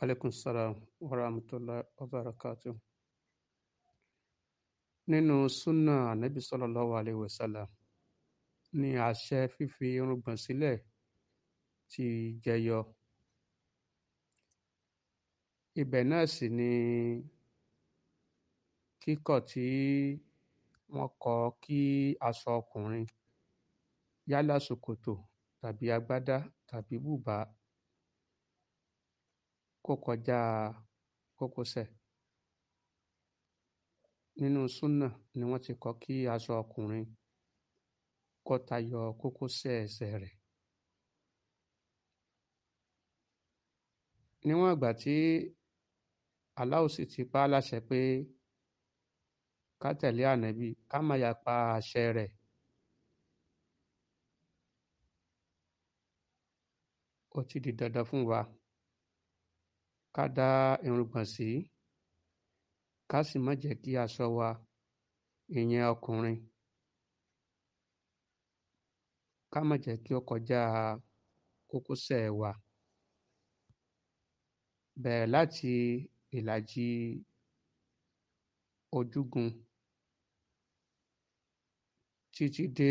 Aleykum salaam wa rahmatullahi wa barakatuh. Nínú súnà ànábì sallallahu alayhi wa sallam ni àṣẹ fífi irùngbọ̀n sílẹ̀ ti jẹyọ. Ibẹ̀ náà sì ni kíkọ̀ tí wọ́n kọ kí aṣọ ọkùnrin yálà ṣòkòtò tàbí agbádá tàbí bùbá kó kọjá kókósẹ̀ nínú súnà ni wọ́n ti kọ́ kí aṣọ ọkùnrin kó tayọ kókósẹ̀ ẹsẹ̀ rẹ̀ níwọ̀n ìgbà tí Allah sì ti pa á láṣẹ pé ká tẹ̀lé ànábì ká má yapa àṣẹ rẹ̀ ó ti di dandan fún wa ká da irùngbọ̀n sí ká sì má jẹ́ kí aṣọ wa ìyẹn ọkùnrin ká má jẹ́ kí ó kọjá kókósẹ̀ wa bẹ̀rẹ̀ láti ìlàjì ojúgun títí dé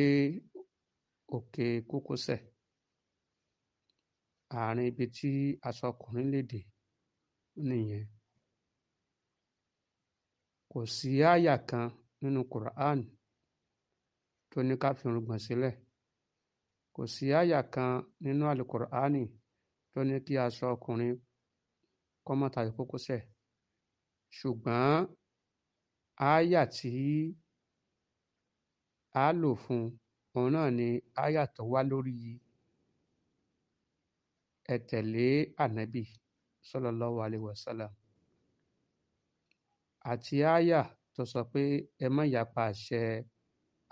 òkè kókósẹ̀ àárín ibi tí aṣọ ọkùnrin lè dé nìyẹn kò sí àyà kan nínú Quran tó ní ká fi irùngbọ̀n sílẹ̀ kò sí àyà kan nínú alukur'ani tó ní kí aṣọ ọkùnrin kó má tayọ kókósẹ̀ àyà tí a lò fún òun náà ni àyà tó wá lórí ẹ̀tẹ̀lé ànábì sallallahu alayhi wa sallam àti àyà tó sọ pé ẹ má yapa àṣẹ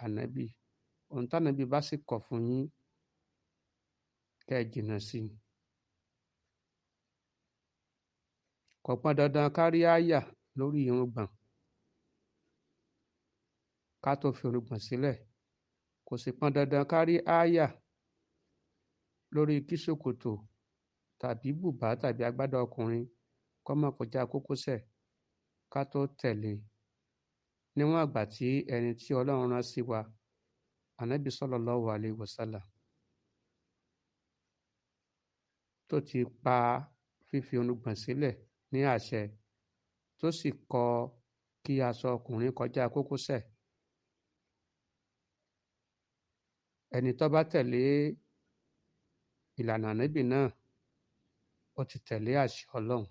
ànábì ohun tánábì bá sì kọ̀ fún yín kẹ́ ẹ jìnnà sí i. kò pọn dandan kárí àyà lórí irùngbọ̀n ká tó fi irùngbọ̀n sílẹ̀ kò sì pọn dandan kárí àyà lórí kí ṣòkòtò tàbí bùbá tàbí agbádá ọkùnrin kó má kọjá kókósẹ̀ ká tó tẹ̀lé e. Níwọ̀n ìgbà tí ẹni tí Ọlọ́run rán sí wa, Ànábì sallallahu alayhi wa sallam, tó ti pa fífi orungbọ̀n sílẹ̀ ní àṣẹ tó sì kọ̀ kí aṣọ ọkùnrin kọjá kókósẹ̀. Ẹni tó bá tẹ̀lé ìlànà ànábì náà Ó ti tẹ̀lé àṣẹ Ọlọ́run.